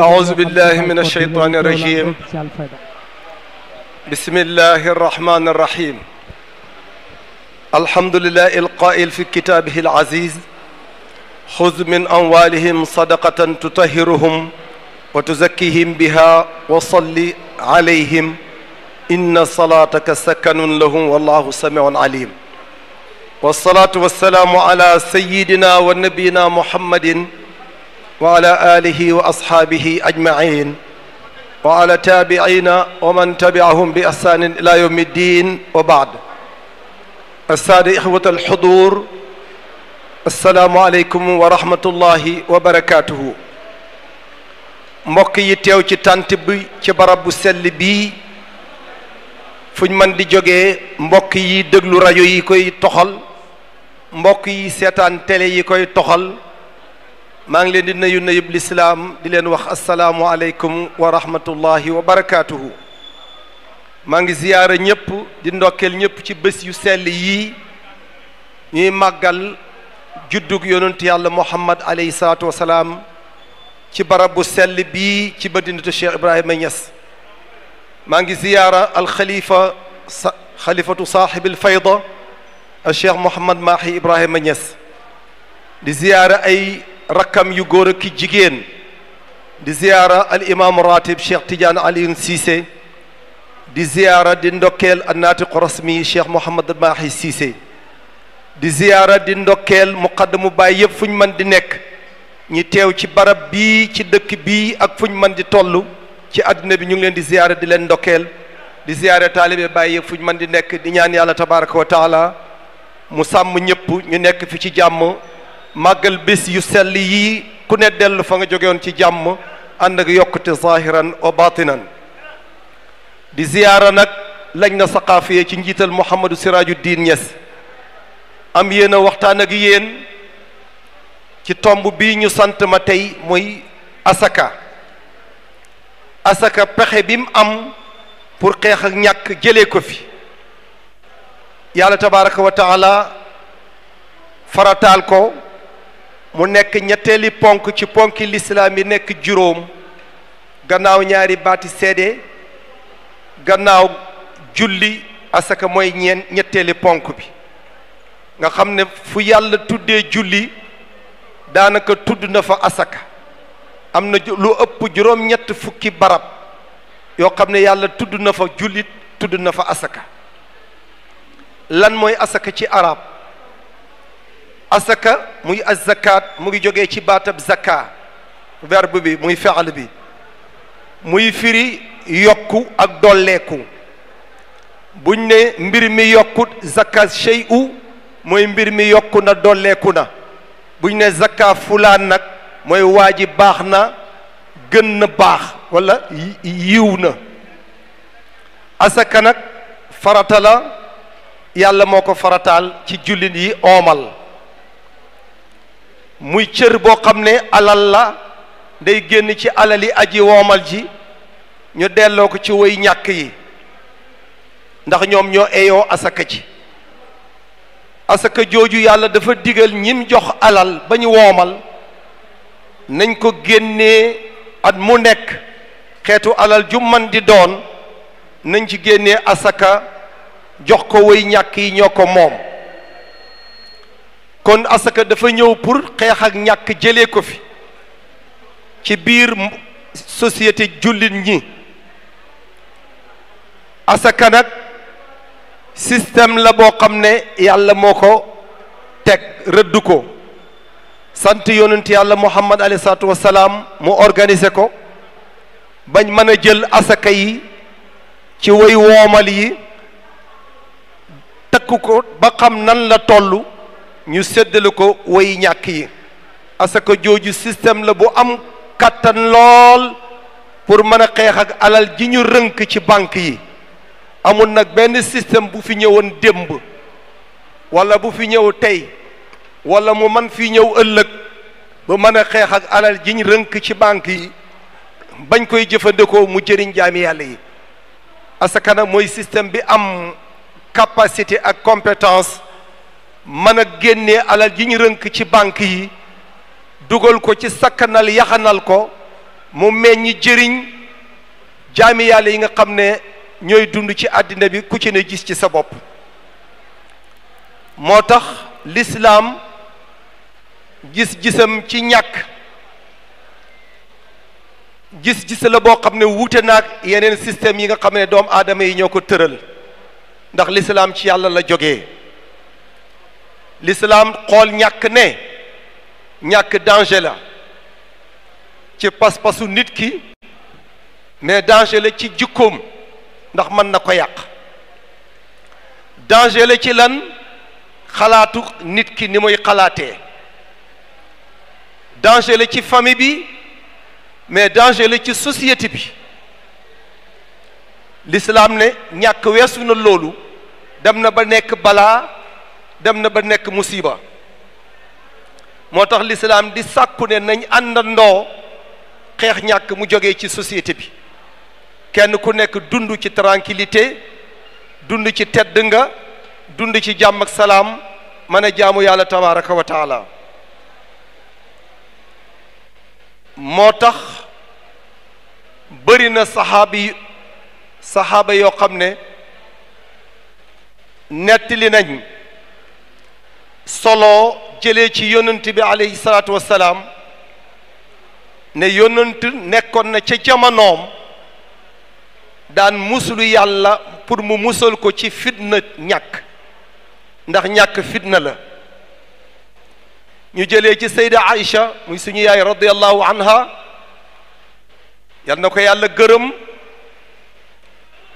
أعوذ بالله من الشيطان الرجيم بسم الله الرحمن الرحيم الحمد لله القائل في كتابه العزيز خذ من أموالهم صدقة تطهرهم وتزكيهم بها وصل عليهم إن صلاتك سكن لهم والله سميع عليم والصلاة والسلام على سيدنا ونبينا محمد وعلى آله وأصحابه أجمعين وعلى تابعين ومن تبعهم بأسان إلى يوم الدين وبعد السادة إخوة الحضور السلام عليكم ورحمة الله وبركاته موكي تيو چي تانتبي چي براب سل بي فن من دي جوغي مكي دغلو رايو يكوي تخل مكي سيتان تلي يكوي تخل maa ngi leen di nuyu nuyub lislaam di leen wax asalaamualeykum wa rahmatullahi wa barakaatuhu maa ngi ziyaara ñëpp di ndokkeel ñëpp ci bés yu sell yii ñuy màggal juddug yonent yàlla muhammad aleyhi salaatu wa salaam ci barab bu sell bii ci madinatu Cheikh Ibrahima Niass maa ngi ziyaara alxalifa sa xalifatu saaxibil fayda al Cheikh Mouhamad Mahi Ibrahima Niass di ziyaara ay. rakkam yu góor ak jigéen di ziyaara al imam ratib cheikh Tidiane Alioune Cissé di ziyaara di ndokkeel an naatiqu rasmi cheikh Mouhamad Mahi Cissé di ziyaara di ndokkeel mu baay yëpp fuñ ñu mën di nekk ñi teew ci barab bi ci dëkk bi ak fuñ ñu mën di toll ci àdduna bi ñu ngi leen di ziyaara di leen ndokkeel di ziyaara taalibe baay yëpp fu ñu mën di nekk di ñaan yàlla tabaraka wa taala mu sàmm ñëpp ñu nekk fi ci jàmm màggal bés yu sell yii ku ne dellu fa nga jógewoon ci jàmm ànd ak yokkute zahiran wa batinan di ziyaara nag lañ na saqaafiye ci njiital Mouhamadou Siraju Diin Ñas am yéen a waxtaan ak yéen ci tomb bii ñu sant ma tey mooy asaka asaka pexe bi mu am pour xeex ak ñàkk jële ko fi yàlla tabaraka wa taala farataal ko mu nekk ñetteeli ponk ci ponki lislaam yi nekk juróom gannaaw ñaari baati seede gannaaw julli asaka mooy ñeen ñetteeli ponk bi nga xam ne fu yàlla tuddee julli daanaka tudd na fa asaka am na lu ëpp juróom-ñett fukki barab yoo xam ne yàlla tudd na fa jullit tudd na fa asaka lan mooy asaka ci arab azaka muy azakat mu ngi jógee ci baatab zaka verbe bi muy fi'l bi muy firi yokku ak dolleeku buñ ne mbir mi yokku zaka shay'u mooy mbir mi yokku na dolleeku na buñ ne zaka fulaan nag mooy waa ji baax na gën na baax wala yiw na asaka nag farata la yàlla moo ko farataal ci jullit yi oomal muy cër boo xam ne alal la day génn ci alali aji woomal ji ñu delloo ko ci woy ñàkk yi ndax ñoom ñoo eyoo asaka ci asaka jooju yàlla dafa digal ñim jox alal ba ñu woomal nañ ko génnee at mu nekk xeetu alal ju man di doon nañ ci génnee asaka jox ko woy ñàkk yi ñoo ko moom kon asaka dafa ñëw pour xeex ak ñàkk jëlee ko fi ci biir société jullit ñi asaka nag système la boo xam ne yàlla moo ko teg rëdd ko sant yonent yàlla muhammad alayhi salaatu wasalaam mu organise ko bañ mën a jël asaka yi ci woy woomal yi takk ko ba xam nan la tollu ñu séddale ko way ñàkk yi asaka jooju système la bu am kàttan lool pour mën a xeex ak alal ji ñu rënk ci banque yi amul nag benn système bu fi ñëwoon démb wala bu fi ñëw tey wala mu man fi ñëw ëllëg ba mën a xeex ak alal ji rënk ci banque yi bañ koy jëfandikoo mu jëriñ jaami yàlla yi asaka nag mooy système bi am capacité ak compétence mën a génnee alal ji ñu rënk ci banque yi dugal ko ci sakkanal yaxanal ko mu meññ jëriñ jaami yàlla yi nga xam ne ñooy dund ci àddina bi ku ci ne gis ci sa bopp moo tax lislaam gis-gisam ci ñàkk gis-gis la boo xam ne wuute naag yeneen système yi nga xam ne doomu aadama yi ñoo ko tëral ndax lislaam ci yàlla la jógee l'islam xool ñàkk ne ñàkk danger la ci pas-pasu nit ki mais danger la ci jikkoom ndax mën na ko yàq danger la ci lan xalaatu nit ki ni muy xalaatee danger la ci famille bi mais danger la ci société bi l'islam ne ñàkk weesu na loolu dem na ba nekk balaa dem na ba nekk musiba moo tax lislaam di sàkku ne nañ àndandoo xeex ñàkk mu jóge ci société bi kenn ku nekk dund ci tranquillité dund ci tedd nga dund ci jàmm ak salaam mën a jaamu yàlla tabaraka wa taala moo tax bëri na saxaaba yi saxaaba yoo xam ne nettali nañ solo jële ci yonent bi aleyhi salaatu wassalaam ne yonant nekkoon na ca jamonoom daan muslu yàlla pour mu musal ko ci fitna ñàkk ndax ñàkk fitna la ñu jële ci sayda aïcha muy suñu yaay radiallahu anha yal na ko yàlla gërëm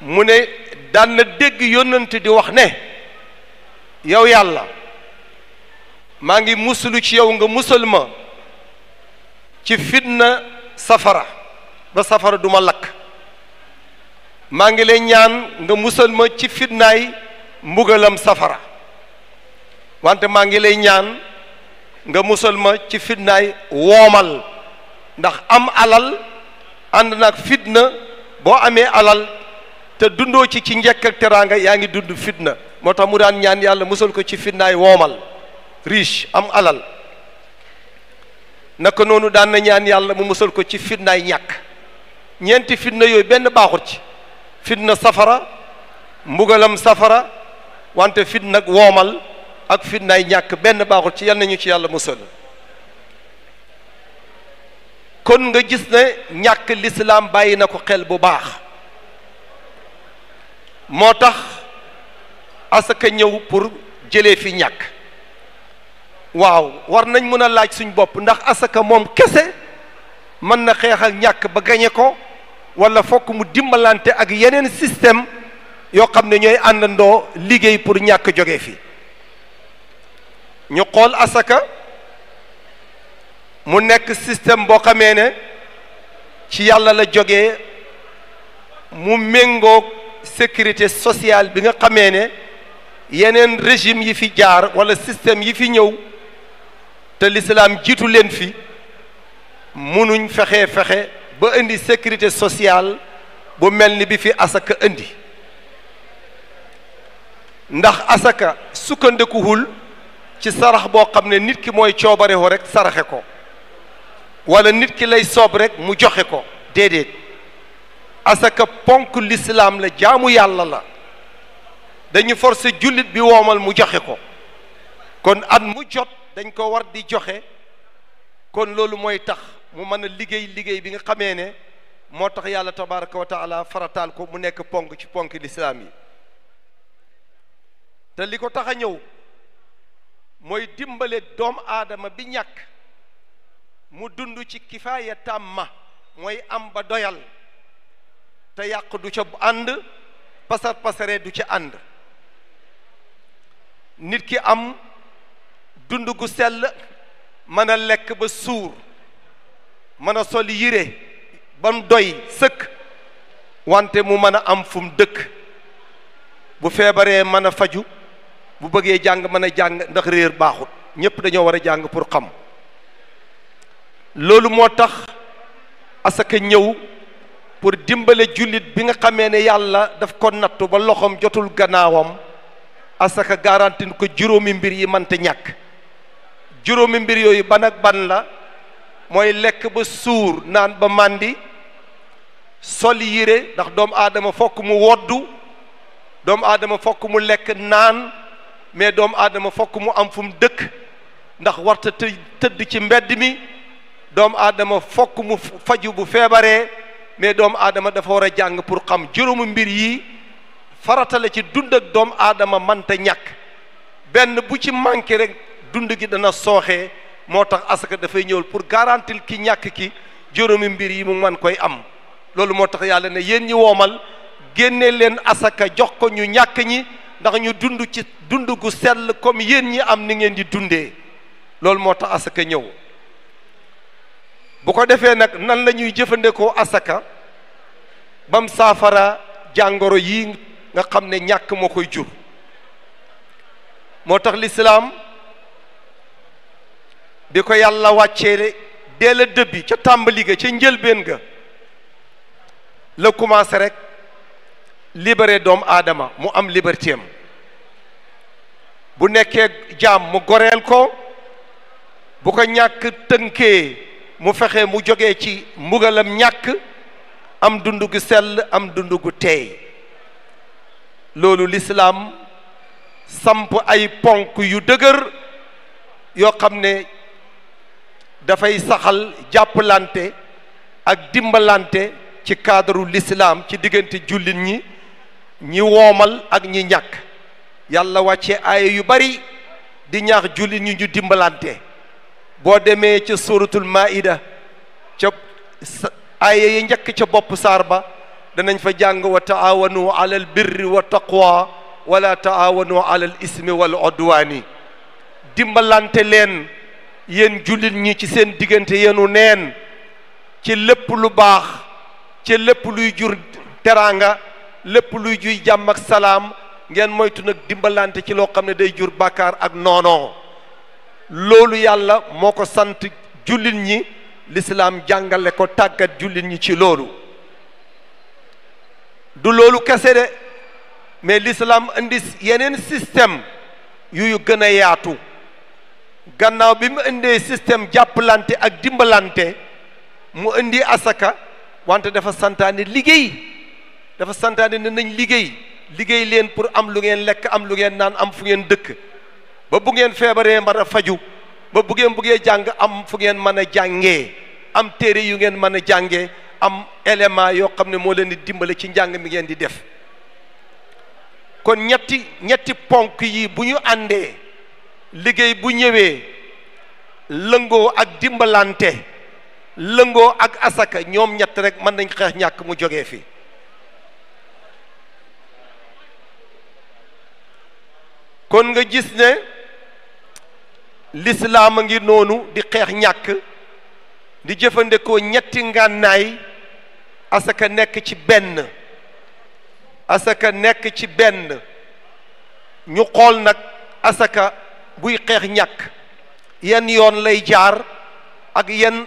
mu ne daan na dégg yonent di wax ne yow yàlla maa ngi musalu ci yow nga musal ma ci fitna safara ba safara duma lakk maa ngi lay ñaan nga musal ma ci fitnaay mbugalam safara wante maa ngi lay ñaan nga musal ma ci fitnaay woomal ndax am alal ànd naag fitna boo amee alal te dundoo ci ci njekk ak teraanga yaa ngi dund fitna moo tax mu daan ñaan yàlla musal ko ci fitnaay woomal riche am alal naka noonu daan ñaan yàlla mu musal ko ci fitnaay ñàkk ñeenti fitna yooyu benn baaxut ci fitna safara mbugalam safara wante fitna ak woomal ak fitnaay ñàkk benn baaxut ci yal nañu ci yàlla musal kon nga gis ne ñàkk lislaam bàyyi na ko xel bu baax moo tax asaka ñëw pour jëlee fi ñàkk waaw war nañ mën a laaj suñ bopp ndax asaka moom kese mën na xeex ak ñàkk ba gañe ko wala fokk mu dimbalante ak yeneen système yoo xam ne ñooy àndandoo liggéey pour ñàkk jóge fi ñu xool asaka mu nekk système boo xamee ne ci yàlla la jógee mu méngoo sécurité sociale bi nga xamee ne yeneen régime yi fi jaar wala système yi fi ñëw te l'islam jitu len fi munuñ fexe fexe ba indi sécurité sociale bu melni bi fi asaka indi ndax asaka sukkandikuwul ci sarax bo xamné nit ki moy ciobare ho rek saraxe ko wala nit ki lay sob rek mu joxe ko déedéet asaka ponk l'islam la jaamu yàlla la dañu forcé julit bi womal mu joxe ko kon at mu jott dañ ko war di joxe kon loolu mooy tax mu mën a liggéey liggéey bi nga xamee ne moo tax yàlla tabaraka wa taala farataal ko mu nekk ponk ci ponk lislaam yi te li ko tax a ñëw mooy dimbale doom aadama bi ñàkk mu dund ci kifaaya tàmma mooy am ba doyal te yàq du ca ànd pasar pasare du ca ànd nit ki am dund gu sell mën a lekk ba suur mën a sol yére ba mu doy sëkk wante mu mën a am fum dëkk bu feebaree mën a faju bu bëggee jàng mën a jàng ndax réer baaxut ñépp dañoo war a jàng pour xam loolu moo tax asaka ñëw pour dimbale jullit bi nga xamee ne yàlla daf ko nattu ba loxoom jotul gannaawam asaka garanti ko juróomi mbir yi mënta ñàkk juróomi mbir yooyu ban ak ban la mooy lekk ba suur naan ba màndi sol yére ndax doomu aadama fokk mu woddu doomu aadama fokk mu lekk naan mais doomu aadama fokk mu am fu mu dëkk ndax warta tëdd ci mbedd mi doomu aadama fokk mu faju bu feebaree mais doomu aadama dafa war a jàng pour xam juróomi mbir yi faratale ci dund ak doomu aadama mënta ñàkk benn bu ci manqué rekk dund gi dana sooxee moo tax asaka dafay ñëwal pour garantil ki ñàkk ki juróomi mbir yi mu man koy am loolu moo tax yàlla ne yéen ñi woomal génne leen asaka jox ko ñu ñàkk ñi ndax ñu dund ci dund gu sell comme yéen ñi am ni ngeen di dundee loolu moo tax asaka ñëw bu ko defee nag nan la ñuy jëfandikoo asaka bam saafara jàngoro yi nga xam ne ñàkk moo koy jur moo tax lislaam bi ko yàlla wàccee dee la dëbbi ca tàmbali ga ca njëlbeen ga la commencé rek libéré doom aadama mu am liberté bu nekkee jaam mu goreel ko bu ko ñàkk tënkee mu fexe mu jógee ci mbugalam ñàkk am dund gu sell am dund gu teey loolu lislaam samp ay ponk yu dëgër yoo xam ne dafay saxal jàppalante ak dimbalante ci cadre l'islam ci diggante jullit ñi ñi woomal ak ñi ñàkk yàlla wàcce aaya yu bari di ñaax jullit ñi ñu dimbalante boo demee ca suratul maida ca aaya yi njëkk ca bopp saar ba danañ fa jàng wa taawanu ala al birri wa taqwa wala taawanu ala ismi wal odwaani dimbalante leen yéen jullit ñi ci seen diggante yenu neen ci lépp lu baax ci lépp luy jur teraanga lépp luy juy jàmm ak salaam ngeen moytu nag dimbalante ci loo xam ne day jur bàkkaar ak noonoo loolu yàlla moo ko sant jullit ñi lislaam jàngale ko tàggat jullit ñi ci loolu du loolu kese de mais lislaam indi yeneen système yuyu gën a yaatu gannaaw bi mu indee système jàppalante ak dimbalante mu indi asaka wante dafa santaane liggéey dafa santaane ne nañ liggéey liggéey leen pour am lu ngeen lekk am lu ngeen naan am fu ngeen dëkk ba bu ngeen feebaree mën a faju ba bu ngeen buggee jàng am fu ngeen mën a jàngee am téere yu ngeen mën a jàngee am élément yoo xam ne moo leen di dimbale ci njàng mi ngeen di def kon ñetti ñetti ponk yi bu ñu àndee liggéey bu ñëwee lëngoo ak dimbalante lëngoo ak asaka ñoom ñett rek mën nañ xeex ñàkk mu jógee fi kon nga gis ne lislaam a ngi noonu di xeex ñàkk di jëfandikoo ñetti ngànnaay asaka nekk ci benn asaka nekk ci benn ñu xool nag asaka buy xeex ñàkk yan yoon lay jaar ak yan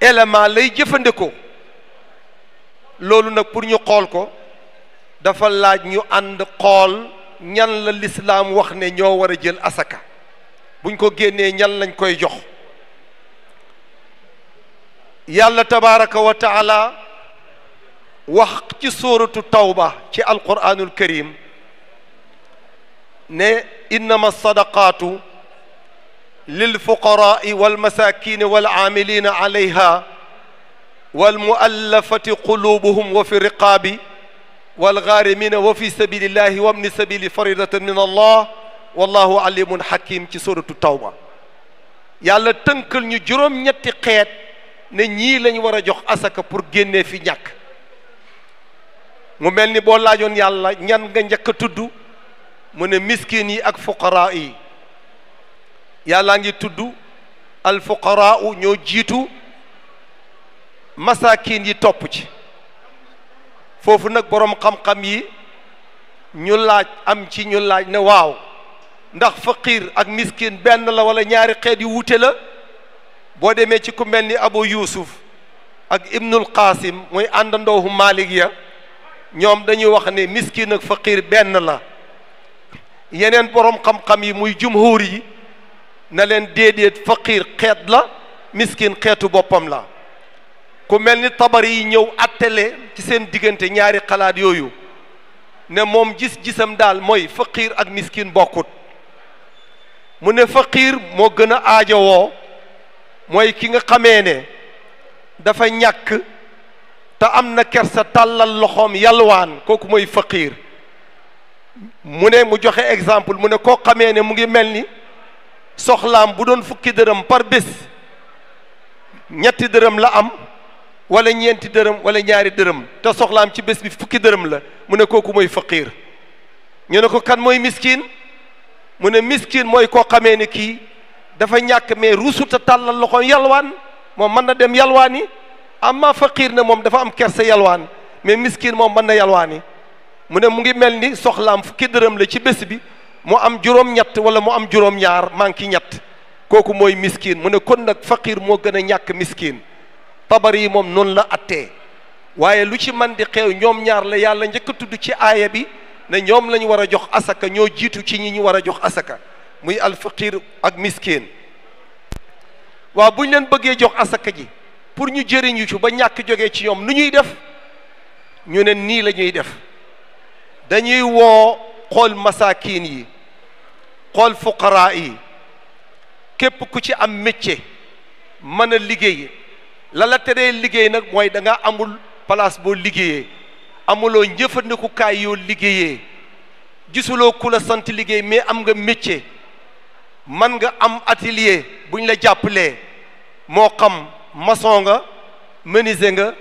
élément lay jëfandikoo loolu nag pour ñu xool ko dafa laaj ñu ànd xool ñan la lislaam wax ne ñoo war a jël asaka buñ ko génnee ñan lañ koy jox yàlla tabaraka wa taala wax ci suuratu tawba ci alquranul karim ne innama sadaqaatu lil fuqaraai wal masakini wal amilina alayha wal muallafati qulubuhum wa fi riqaabi wal gaarimina wa fi sabilillahi wa ibni sabili faridatan min allah wallahu alimun hakim ci suratu tawba yàlla tënkal ñu juróom-ñetti xeet ne ñii lañ war a jox asaka pour génnee fi ñàkk mu mel ni boo laajoon yàlla ñan nga njëkk a tudd mu ne miskin yi ak fuqaraa yi yàllaa ngi tudd al fuqaraa ñoo jiitu masakin yi topp ci foofu nag boroom xam-xam yi ñu laaj am ci ñu laaj ne waaw ndax faqir ak miskin benn la wala ñaari xeet yu wuute la boo demee ci ku mel ni abu yusuf ak ibnul qasim muy àndandoohu malik ya ñoom dañuy wax ne miskin ak faqir benn la yeneen borom xam-xam yi muy jumhur yi na leen déedéet faqiir xeet la miskin xeetu boppam la ku mel ni tabari yi ñëw attale ci seen diggante ñaari xalaat yooyu ne moom gis-gisam daal mooy faqiir ak miskin bokkut mu ne faqiir moo gën a aajowoo mooy ki nga xamee ne dafa ñàkk te am na kersa tàllal loxoom yalwaan kooku mooy faqiir mu ne mu joxe exemple mu ne koo xamee ne mu ngi mel ni soxlaam bu doon fukki dërëm par bés ñetti dërëm la am walla ñeenti dërëm wala ñaari dërëm te soxlaam ci bés bi fukki dërëm la mu ne kooku mooy faqiir ñu ne ko kan mooy miskin mu ne miskin mooy koo xamee ne kii dafa ñàkk mais rusuta tàllal loxo yalwaan moom mën na dem yalwaani amma faqiir ne moom dafa am kersa yalwaan mais miskin moom mën na yalwaani mu ne mu ngi mel ni soxlaam fukki dërëm la ci bés bi mu am juróom-ñett wala mu am juróom-ñaar manki ñett kooku mooy miskin mu ne kon nag faqir moo gën a ñàkk miskin tabar yi moom noonu la attee waaye lu ci man di xew ñoom ñaar la yàlla njëkk a tudd ci aaya bi ne ñoom la ñu war a jox asaka ñoo jiitu ci ñi ñu war a jox asaka muy al alfaqir ak miskin waaw bu ñu leen bëggee jox asaka ji pour ñu jëriñu ci ba ñàkk jógee ci ñoom lu ñuy def ñu ne nii la ñuy def dañuy woo xool masaakiin yi xool fuqaraa yi képp ku ci am métier mën a liggéey lala la teree liggéey nag mooy da nga amul place boo liggéeyee amuloo njëfandikukaay yoo liggéeyee gisuloo ku la sant liggéey mais am nga métier man nga am atelier buñ la jàppalee moo xam maçon nga menuisier nga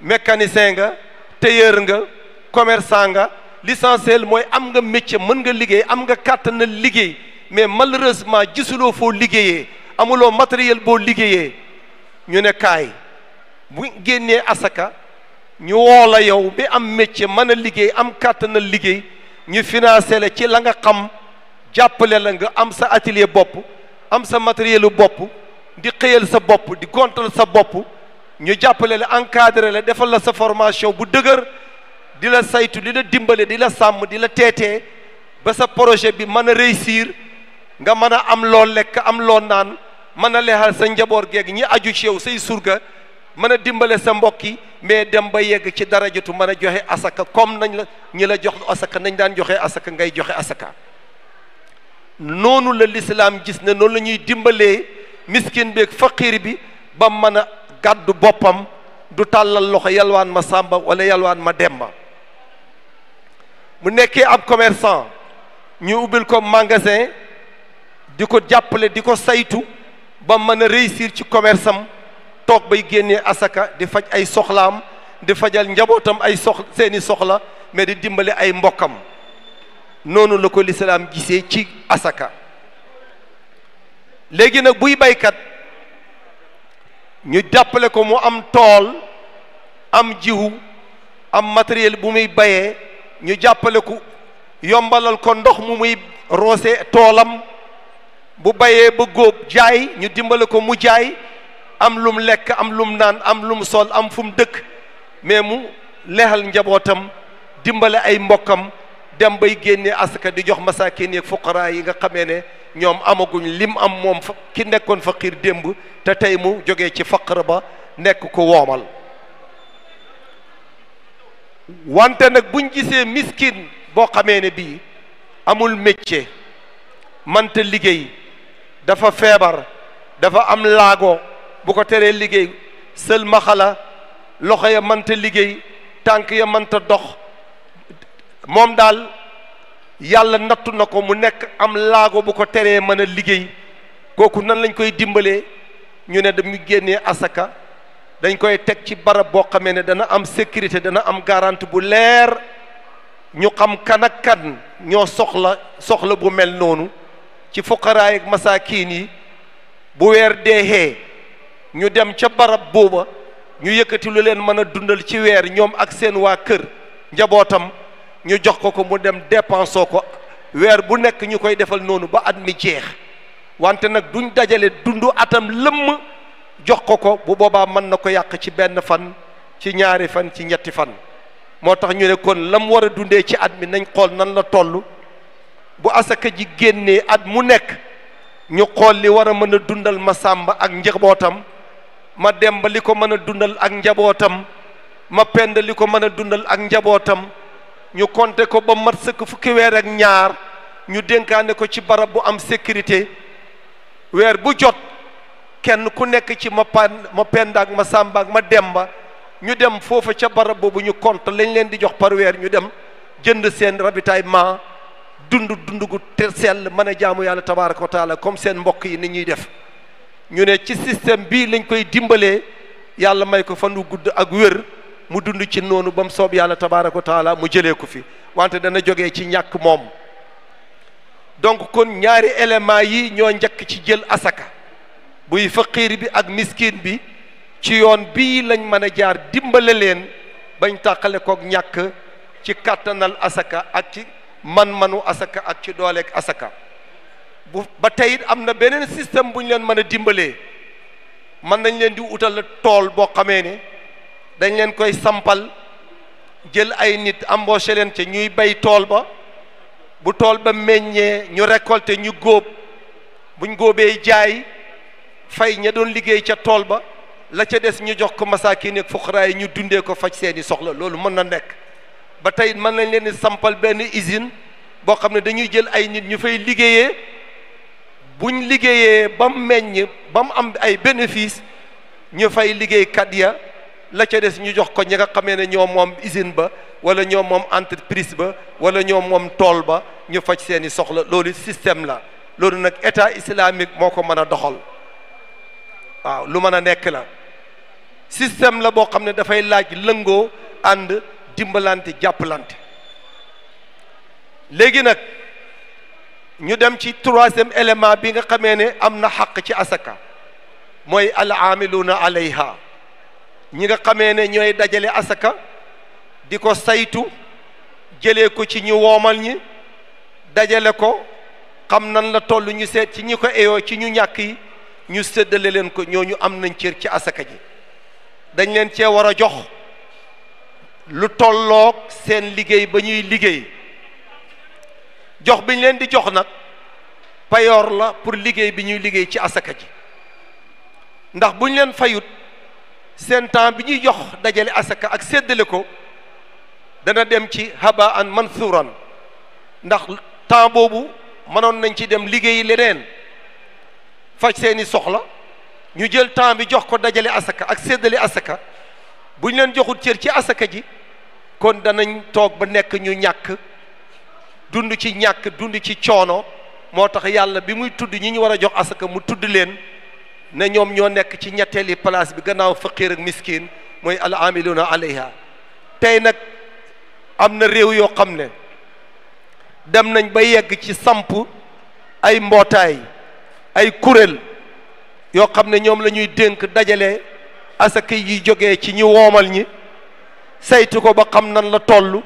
mécanicien nga tailleur nga commerçant nga l'essentiel mooy am nga métier mën nga liggéey am nga kàttan liggéey mais malheureusement gisuloo foo liggéeyee amuloo matériel boo liggéeyee ñu ne kaay bu génnee asaka ñu woo la yow bi am métier mën a liggéey am kàttan liggéey ñu financé la ci la nga xam jàppale la nga am sa atelier bopp am sa matérielu bopp di xëyal sa bopp di gontal sa bopp ñu jàppale la encadré la defal la sa formation bu dëgër di la saytu di la dimbale di la sàmm di la teetee ba sa projet bi mën a réussir nga mën a am loo lekk am loo naan mën a leexal sa njaboot geeg ñi aju ci say surga mën a dimbale sa mbokk yi mais dem ba yegg ci darajatu mën a joxe asaka comme nañ la ñi la jox asaka nañ daan joxe asaka ngay joxe asaka noonu la lislaam gis ne noonu la ñuy dimbalee miskin beeg faqiir bi ba mën a gàddu boppam du tàllal loxo yalwaan ma sàmba wala yalwaan ma demba mu nekkee ab commerçant ñu ubbil ko magasin di ko jàppale di ko saytu ba mën a réussir ci commerce am toog bay génnee asaka di faj ay soxlaam di fajal njabootam ay sox seeni soxla mais di dimbali ay mbokkam noonu la ko lislaam gisee ci asaka léegi nag buy baykat ñu jàppale ko mu am tool am jiwu am matériel bu muy bayee ñu jàppale ko yombalal ko ndox mu muy roose toolam bu bayee ba góob jaay ñu dimbale ko mu jaay am lum lekk am lum naan am lu mu sol am fu mu dëkk mais mu leexal njabootam dimbale ay mbokkam dem bay génne asaka di jox masaakin yeeg fuqaraa yi nga xamee ne ñoom amaguñ lim am moom ki nekkoon faqiir démb te tey mu jóge ci faqra ba nekk ko woomal wante nag buñ gisee miskin boo xamee ne bii amul métier mënta liggéey dafa feebar dafa am laago bu ko teree liggéey sëlmaxala loxo ya mënta liggéey tànk ya mënta dox moom daal yàlla nattu na ko mu nekk am laago bu ko teree mën a liggéey kooku nan lañ koy dimbalee ñu ne dañu génnee asaka dañ koy teg ci barab boo xamee ne dana am sécurité dana am garante bu leer ñu xam kan ak kan ñoo soxla soxla bu mel noonu ci fuqaraay ak masaakiin yi bu weer deexee ñu dem ca barab booba ñu yëkkati lu leen mën a dundal ci weer ñoom ak seen waa kër njabootam ñu jox ko ko mu dem dépensoo ko weer bu nekk ñu koy defal noonu ba at mi jeex wante nag duñ dajale dundu atam lëmm jox ko ko bu boobaa mën na ko yàq ci benn fan ci ñaari fan ci ñetti fan moo tax ñu ne kon lam war a dundee ci at mi nañ xool nan la toll bu asaka ji génnee at mu nekk ñu xool li war a mën a dundal ma sàmba ak njabootam ma dembali ko mën a dundal ak njabootam ma pendali ko mën a dundal ak njabootam ñu konte ko ba mat sëkk fukki weer ak ñaar ñu dénkaane ko ci barab bu am sécurité weer bu jot kenn ku nekk ci ma pan ma penda ma sàmba ma demba ñu dem foofa ca barab boobu ñu compte lañ leen di jox par weer ñu dem jënd seen ravitaillement dund dund gu te sell mën jaamu yàlla tabaaraka taala comme seen mbokk yi ni ñuy def ñu ne ci système bii lañ koy dimbalee yàlla may ko fan wu gudd ak wér mu dund ci noonu ba soob yàlla tabaaraka taala mu jëlee ko fi wante dana jógee ci ñàkk moom donc kon ñaari élément yi ñoo njëkk ci jël asaka buy faqiir bi ak miskin bi ci yoon bii lañ mën a jaar dimbale leen bañ takkale kook ñàkk ci kàttanal asaka ak ci man-manu asaka ak ci dooleeg asaka bu ba tey am na beneen système bu ñu leen mën a dimbalee mën nañ leen di wutal tool boo xamee ne dañ leen koy sampal jël ay nit embauché leen ca ñuy bay tool ba bu tool ba meññee ñu récolté ñu góob buñ góobee jaay fay ña doon liggéey ca tool ba la ca des ñu jox ko masaakin ak fuqaraa yi ñu dundee ko faj seeni soxla loolu mën na nekk ba tey mën nañ leen di sampal benn usine boo xam ne dañuy jël ay nit ñu fay liggéeyee buñ liggéeyee ba mu meññ ba mu am ay bénéfice ñu fay liggéeykat ya la ca des ñu jox ko ñi nga xamee ne ñoom moom usine ba wala ñoo moom entreprise ba wala ñoo moom tool ba ñu faj seeni soxla loolu système la loolu nag état islamique moo ko mën a doxal waaw lu mën a nekk la système la boo xam ne dafay laaj lëngoo ànd dimbalante jàppalante léegi nag ñu dem ci troisième élément bi nga xamee ne am na xàq ci asaka mooy al aamiluuna alayha ñi nga xamee ne ñooy dajale asaka di ko saytu jëlee ko ci ñu woomal ñi dajale ko xam nan la toll ñu seet ci ñi ko eyoo ci ñu ñàkk yi ñu seddale leen ko ñooñu am nañ cër ci asaka ji dañ leen cee war a jox lu tollook seen liggéey ba ñuy liggéey jox biñ leen di jox nag payoor la pour liggéey bi ñuy liggéey ci asaka ji ndax buñ leen fayut seen temps bi ñuy jox dajale asaka ak séddale ko dana dem ci haba an manthuran ndax temps boobu mënoon nañ ci dem liggéeyi leneen faj seeni soxla ñu jël temps bi jox ko dajale asaka ak séddale asaka bu ñu leen joxul cër ci asaka ji kon danañ toog ba nekk ñu ñàkk dund ci ñàkk dund ci coono moo tax yàlla bi muy tudd ñi ñu war a jox asaka mu tudd leen ne ñoom ñoo nekk ci ñetteeli place bi gannaaw faqiir ak miskin mooy al amiluna alayha tey nag am na réew yoo xam ne dem nañ ba yegg ci samp ay mbootaay ay kuréel yoo xam ne ñoom lañuy dénk dajale asaka yi jógee ci ñi woomal ñi saytu ko ba xam nan la toll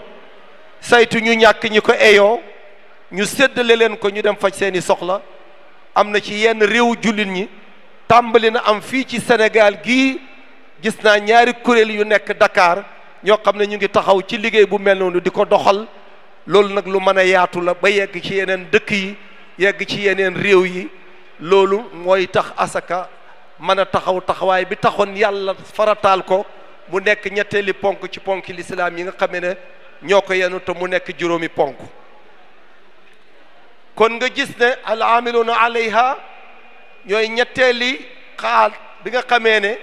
saytu ñu ñàkk ñi ko eyoo ñu séddale leen ko ñu dem faj seeni soxla am na ci yenn réew jullit ñi tàmbali na am fii ci senegaal gii gis naa ñaari kuréel yu nekk dakaar ñoo xam ne ñu ngi taxaw ci liggéey bu mel noonu di ko doxal loolu nag lu mën a yaatu la ba yegg ci yeneen dëkk yi yegg ci yeneen réew yi loolu mooy tax asaka mën a taxaw taxawaay bi taxoon yàlla farataal ko mu nekk ñetteeli ponk ci ponk lislaam yi nga xamee ne ñoo ko yenu te mu nekk juróomi ponk kon nga gis ne al aamiluuna alayha ñooy ñetteeli xaal bi nga xamee ne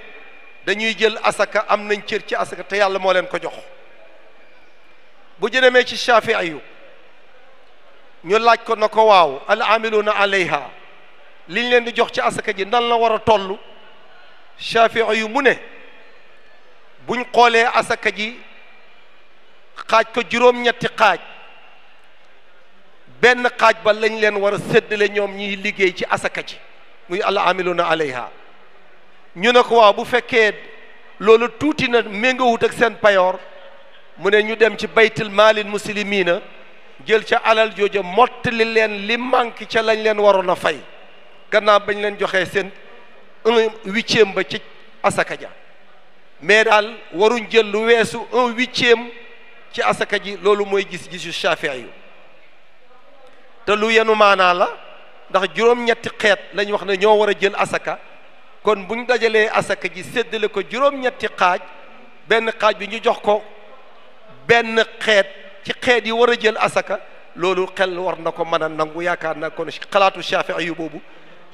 dañuy jël asaka am nañ cër ci asaka te yàlla moo leen ko jox bu jëdemee ci shafii yu ñu laaj ko na ko waaw al aamiluuna alayha liñ leen di jox ci asaka ji nan la war a toll Shaafi'i yu mu ne buñ xoolee asaka ji xaaj ko juróom-ñetti xaaj benn xaaj ba lañ leen war a séddale ñoom ñuy liggéey ci asaka ji muy al amiluna alayha ñu ne ko waaw bu fekkee loolu tuuti na méngawut ak seen payoor mu ne ñu dem ci baytul maalil muslimiina jël ca alal jooja mottali leen li manque ca lañ leen waroon a fay gannaaw bañ leen joxee seen un ba ci asaka ja mais daal waruñ jël lu weesu un ci asaka ji loolu mooy gis-gisu Shaafi'i te lu yenu maanaa la ndax juróom-ñetti xeet lañ wax ne ñoo war a jël asaka kon buñ dajalee asaka ji séddale ko juróom-ñetti xaaj benn xaaj bi ñu jox ko benn xeet ci xeet yi war a jël asaka loolu xel war na ko mën a nangu yaakaar na kon xalaatu Shaafi'i yu boobu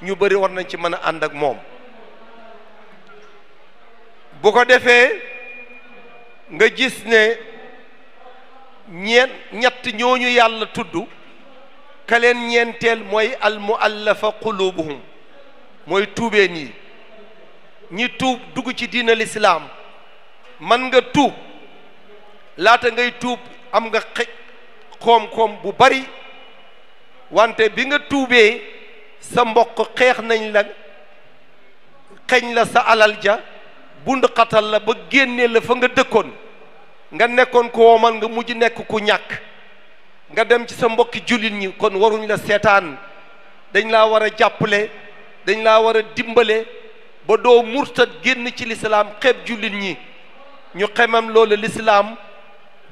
ñu bëri war nañ ci mën a ànd ak moom bu ko defee nga gis ne ñeent ñett ñooñu yàlla tudd ka ñeenteel mooy almuallafa qulubuhum mooy tuubeen yi ñi tuub dugg ci diina lislaam man nga tuub laata ngay tuub am nga xëj koom-koom bu bari wante bi nga tuubee sa mbokk xeex nañ la xeñ la sa alal ja bund xatal la ba génnee la fa nga dëkkoon nga nekkoon ku woomal nga mujj nekk ku ñàkk nga dem ci sa mbokki jullit ñi kon waruñ la seetaan dañ laa war a jàppale dañ laa war a dimbale ba doo murtat génn ci lislaam xeeb jullit ñi ñu xemam loolu lislaam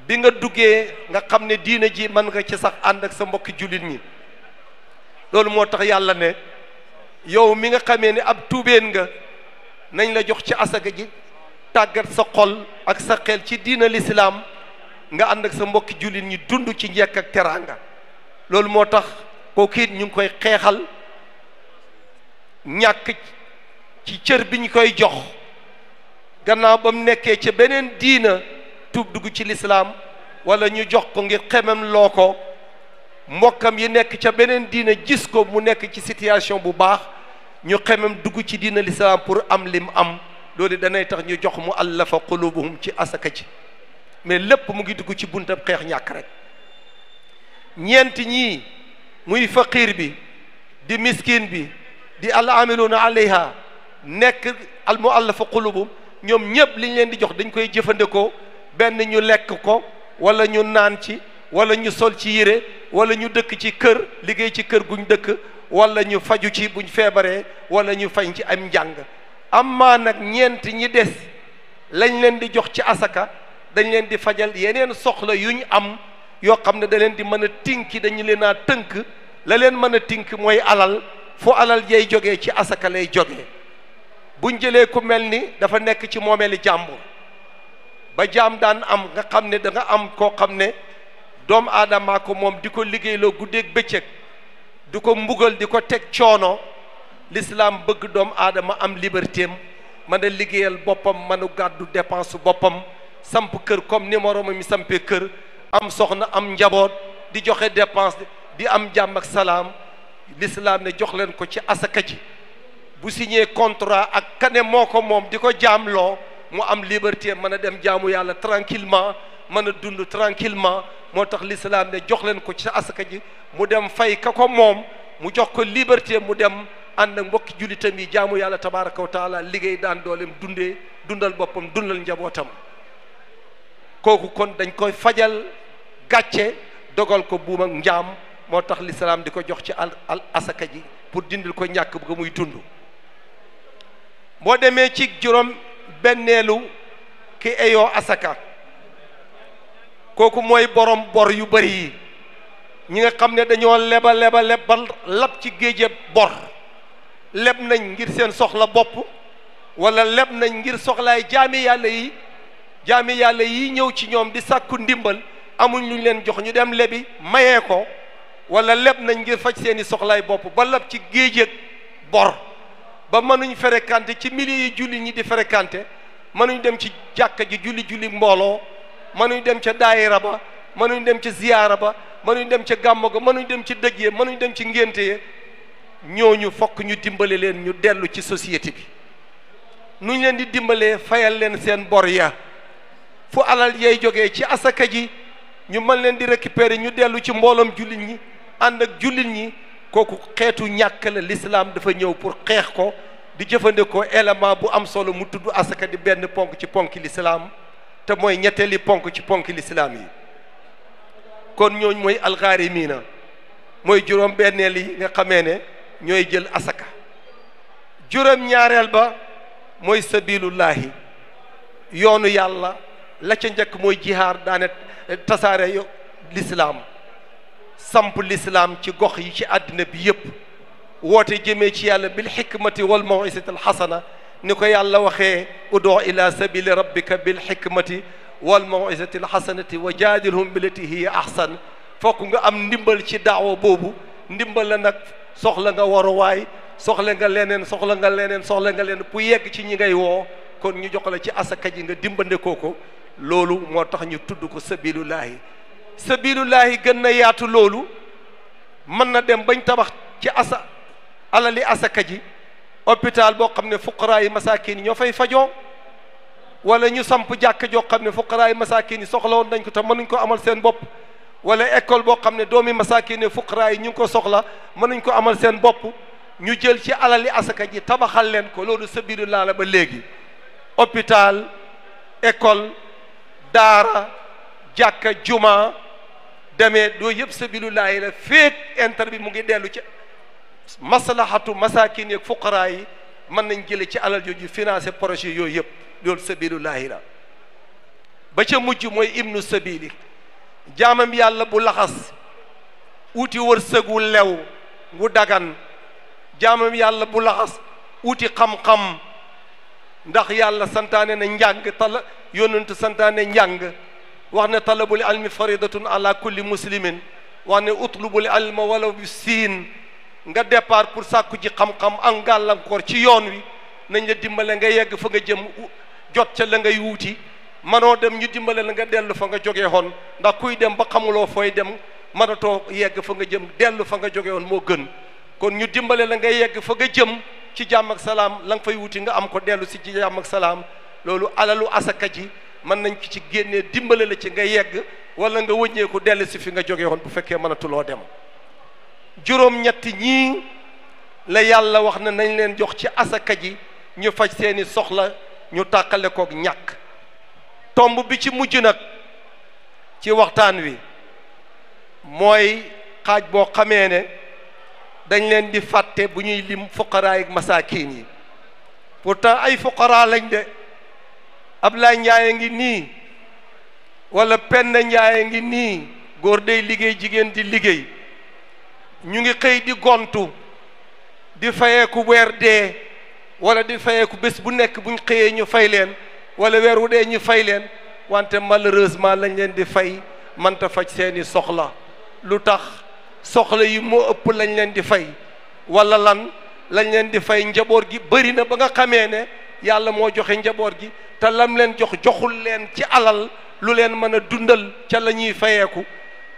bi nga duggee nga xam ne diina ji mën nga ci sax ànd ak sa mbokki jullit ñi loolu moo tax yàlla ne yow mi nga xamee ni ab tuubeen nga nañ la jox ci asaka ji tàggat sa xol ak sa xel ci diina lislaam nga ànd ak sa mbokki jullit ñi dund ci njekk ak teraanga loolu moo tax koo it ñu ngi koy xeexal ñàkk ci cër bi ñu koy jox gannaaw ba mu nekkee ca beneen diina tuub dugg ci lislaam wala ñu jox ko ngir xemem loo ko mbokkam yi nekk ca beneen diina gis ko mu nekk ci situation bu baax ñu xemem dugg ci diina lislaam pour am lim am loolu danay tax ñu jox mu allafa qulubuhum ci asaka ci mais lépp mu ngi dugg ci buntab xeex ñàkk rek ñeenti ñii muy faqiir bi di miskin bi di al amiluuna alayha nekk al mu allafa qulubuhum ñoom ñëpp li ñu leen di jox dañ koy jëfandikoo benn ñu lekk ko wala ñu naan ci wala ñu sol ci yére wala ñu dëkk ci kër liggéey ci kër guñ dëkk wala ñu faju ci buñ feebaree wala ñu fañ ci am njàng amma nag ñeent ñi des lañ leen di jox ci asaka dañ leen di fajal yeneen soxla yuñ am yoo xam ne da leen di mën a tinki dañu leen a tënk la leen mën a tink mooy alal fu alal jay jógee ci asaka lay jógee buñ jëlee ku mel ni dafa nekk ci moomeeli jàmbur ba jaam daan am nga xam ne danga am koo xam ne doomu aadama ko moom di ko liggéeyloo guddeeg bëccëg di ko mbugal di ko teg coono l'islam bëgg doomu aadama am liberté am mën a liggéeyal boppam mën a gàddu dépense boppam samp kër comme ni moroomam mi sampee kër am soxna am njaboot di joxe dépense di am jàmm ak salaam l'islam ne jox leen ko ci asaka ji bu signé contrat ak kane moo ko moom di ko jaamloo mu am liberté mën a dem jaamu yàlla tranquillement mën a dund tranquillement moo tax li lislaam ne jox leen ko ci asaka ji mu dem fay ka ko moom mu jox ko liberté mu dem ànd ak mbokki jullitam yi jaamu yàlla tabaraka wa liggéey daan dooleem dundee dundal boppam dundal njabootam kooku kon dañ koy fajal gàcce dogal ko buuma ak njaam moo tax li lislaam di ko jox ci al asaka ji pour dindil ko ñàkk bu muy dund boo demee ci juróom benneelu ki eyoo asaka kooku mooy borom bor yu bari yi ñi nga xam ne dañoo leba leba leb ba lab ci géeje bor leb nañ ngir seen soxla bopp wala leb nañ ngir soxlaay jaami yàlla yi jaami yàlla yi ñëw ci ñoom di sàkku ndimbal amuñ luñ leen jox ñu dem lebi mayee ko wala leb nañ ngir faj seeni soxlaay bopp ba lab ci géejeeg bor ba mënuñ fréquenté ci milliers yi julli ñi di fréquenté mënuñ dem ci jàkka ji julli julli mbooloo mënuñ dem ca daayira ba mënuñ dem ca ziyaara ba mënuñ dem ca gàmmo ga mënuñ dem ca dëj ye mënuñ dem ci ngénte ye ñu fokk ñu dimbale leen ñu dellu ci société bi nuñ leen di dimbalee fayal leen seen bor ya fu alal yay jógee ci asaka ji ñu mën leen di récupérer ñu dellu ci mbooloom jullit ñi ànd ak jullit ñi kooku xeetu ñàkk la lislaam dafa ñëw pour xeex ko di jëfandikoo élément bu am solo mu tudd asaka di benn ponk ci ponk lislaam te moy ñetteli ponk ci ponk l'islam yi kon ñoo moy al-gharimina moy juróom benneel yi nga xamé ne ñoy jël asaka juróom ñaarel ba moy sabilullah yoonu yàlla la ci njëkk moy jihaar daane tasaare yo lislaam samp l'islam ci gox yi ci aduna bi yépp wote jëme ci yàlla bil hikmati wal mawisati al-hasana ni ko yàlla waxee udo ila sabili rabbika bil hikmati wal mawizati al hasanati wa jaadilhum billati hiya ahsan fokk nga am ndimbal ci daawa boobu ndimbal la nag soxla nga waruwaay soxla nga leneen soxla nga leneen soxla nga leneen bu yegg ci ñi ngay woo kon ñu jox la ci asaka ji nga dimbandekoo ko loolu moo tax ñu tudd ko sabilullahi sabilullahi gën na yaatu loolu mën na dem bañ tabax ci asa alali asaka ji hôpital bo xamné fuqara yi masakin ñofay ñoo fay fajoo wala ñu samp jàkk jo xamné fuqara yi masakin soxla won nañ ko ta mënuñ ko amal seen bop wala école bo xamné doomi masakin fuqara yi ñu ko soxla mënuñ ko amal seen bop ñu jël ci alali asaka ji tabaxal leen ko lolu sabirullah la ba legi hôpital école dara jakk juma demé do yeb sabirullah la fek inter bi mu ngi delu ci maslahatu masaakin yeeg fuqaraa yi mën nañ jële ci alal jooju financer projet yooyu yëpp loolu sabilullahi la ba ca mujj mooy ibnu sabili jaamam yàlla bu laxas uti wërsëgu lew wu dagan jaamam yàlla bu laxas uti xam-xam ndax yàlla santaane na njàng tala yonentu santaane njàng wax ne talabul ilmi faridatun ala kulli muslimin wax ne utlubul ilma walaw bi siin nga départ pour sàkku ji xam-xam ak gàllankoor ci yoon wi nañ la dimbale nga yegg fa nga jëm jot ca la ngay wuuti manoo dem ñu dimbale la nga dellu fa nga jógee woon ndax kuy dem ba xamuloo fooy dem mënatoo yegg fa nga jëm dellu fa nga jógee woon moo gën kon ñu dimbale la nga yegg fa nga jëm ci jàmm ak salaam la nga fay wuti nga am ko dellu si ci jàmm ak salaam loolu alalu asaka ji mën nañ ko ci génnee dimbale la ci nga yegg wala nga wëññeeku dellu si fi nga jógee woon bu fekkee mënatuloo dem juróom-ñetti ñii la yàlla wax na nañ leen jox ci asaka ji ñu faj seeni soxla ñu tàqale koog ñàkk tomb bi ci mujj nag ci waxtaan wi mooy xaaj boo xamee ne dañ leen di fàtte bu ñuy lim fuqaraa ak masaakiin yi pourtant ay fuqaraa lañ de Ablaye Ndiaye ngi nii wala Penda Ndiaye ngi nii góor day liggéey jigéen di liggéey ñu ngi xëy di gontu di fayeeku weer dee wala di fayeeku bés bu nekk buñ xëyee ñu fay leen wala weer wu dee ñu fay leen wante malheureusement lañ leen di fay mënta faj seeni soxla lu tax soxla yi moo ëpp lañ leen di fay wala lan lañ leen di fay njaboot gi bëri na ba nga xamee ne yàlla moo joxe njaboot gi te lam leen jox joxul leen ci alal lu leen mën a dundal ca la ñuy fayeeku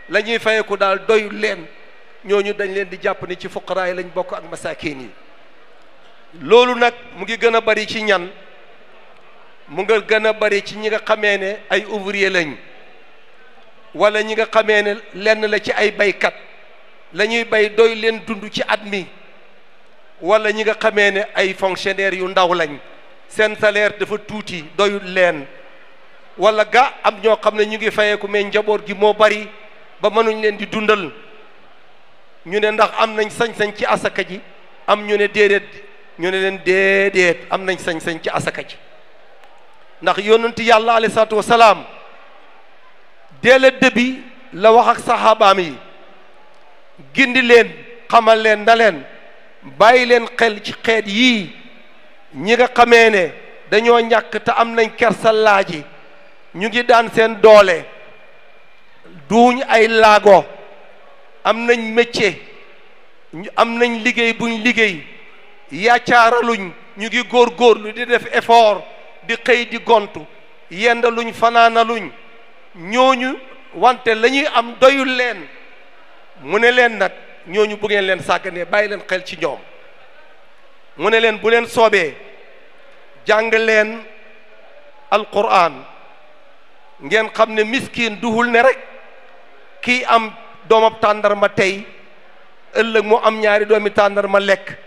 la ñuy fayeeku daal doyul leen ñooñu dañ leen di jàpp ni ci fuqaraa yi lañ bokk ak masaakin yi loolu nag mu ngi gën a bari ci ñan mu nga gën a bari ci ñi nga xamee ne ay ouvrier lañ wala ñi nga xamee ne lenn la ci ay baykat la ñuy bay doy leen dund ci at mi wala ñi nga xamee ne ay fonctionnaires yu ndaw lañ seen salaire dafa tuuti doyul leen wala ga am ñoo xam ne ñu ngi fayeeku mais njaboot gi moo bari ba mënuñ leen di dundal ñu ne ndax am nañ sañ-sañ ci asaka ji am ñu ne déedéet ñu ne leen déedéet am nañ sañ-sañ ci asaka ji ndax yonenti yàlla alayhi salaatu wa salaam dès le la wax ak saxaabaam yi gindi leen xamal leen na leen bàyyi leen xel ci xeet yii ñi nga xamee ne dañoo ñàkk te am nañ kersa laaji ñu ngi daan seen doole duuñ ay laago am nañ métier am nañ liggéey buñ liggéey yaacaaraluñ ñu ngi lu di def effort di xëy di gontu yendaluñ fanaanaluñ ñooñu wante lañuy am doyul leen mu ne leen nag ñooñu bu ngeen leen sàgganee bàyyi leen xel ci ñoom mu ne leen bu leen soobee jàng leen alquran ngeen xam ne miskin duhul ne rek kii am doomab tàndarma tey ëllëg mu am ñaari doomi tàndarma lekk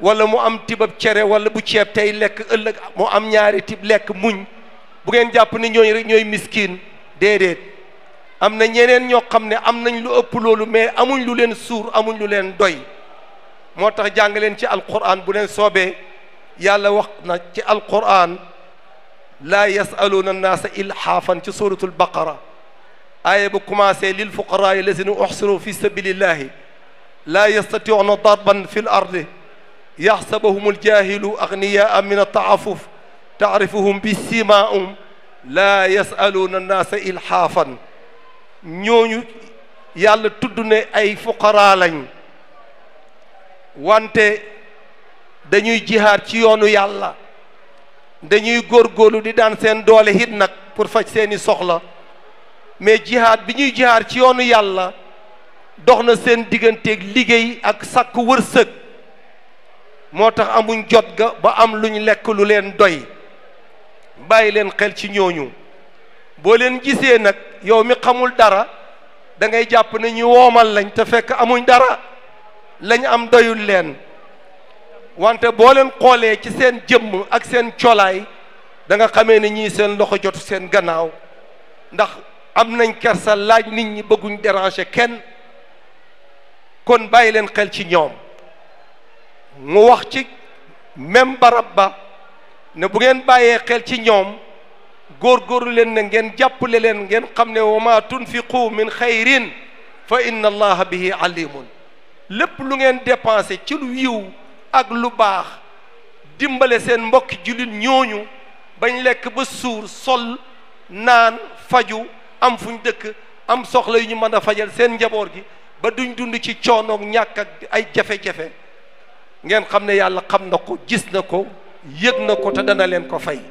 wala mu am tibab cere wala bu ceeb tey lekk ëllëg mu am ñaari tib lekk muñ bu ngeen jàpp ni ñooñu rek ñooy miskin déedéet am na ñeneen ñoo xam ne am nañ lu ëpp loolu mais amuñ lu leen suur amuñ lu leen doy moo tax jàng leen ci alquran bu leen soobee yàlla wax na ci alquran laa yasaluuna annaasa ilhaafan ci suratul baqara آية بكما سيل للفقراء الذين أحصروا في سبيل الله لا يستطيعون ضربا في الأرض يحسبهم الجاهل أغنياء من التعفف تعرفهم بسيماهم لا يسألون الناس إلحافا نيو يال تدني أي فقراء لن وانت دنيو جهار تيونو يالا دنيو غور غولو دي دان سين دولي هيد نك pour faire mais jihaad bi ñuy jihaad ci yoonu yàlla dox na seen digganteeg liggéey ak sàkk wërsëg moo tax amuñ jot ga ba am luñ lekk lu leen doy bàyyi leen xel ci ñooñu boo leen gisee nag yow mi xamul dara da ngay jàpp nañu woomal lañ te fekk amuñ dara lañ am doyul leen wante boo leen xoolee ci seen jëmm ak seen colaay da nga xamee ne seen loxo jotu seen gannaaw ndax am nañ kersa laaj nit ñi bëgguñ déranger kenn kon bayi leen xel ci ñoom mu wax ci même barab ba ne bu ngeen bàyyee xel ci ñoom góorgóorlu leen ne ngeen jàppale leen ngeen xam ne wa ma tunfiqu min xayrin fa inna allaha bihi alimun lépp lu ngeen dépensé ci lu yiw ak lu baax dimbale seen mbokki julit ñooñu bañ lekk ba suur sol naan faju am fuñ dëkk am soxla yu ñu mën a fajal seen njaboot gi ba duñ dund ci coonoog ñàkk ak ay jafe-jafe ngeen xam ne yàlla xam na ko gis na ko yëg na ko te dana leen ko fay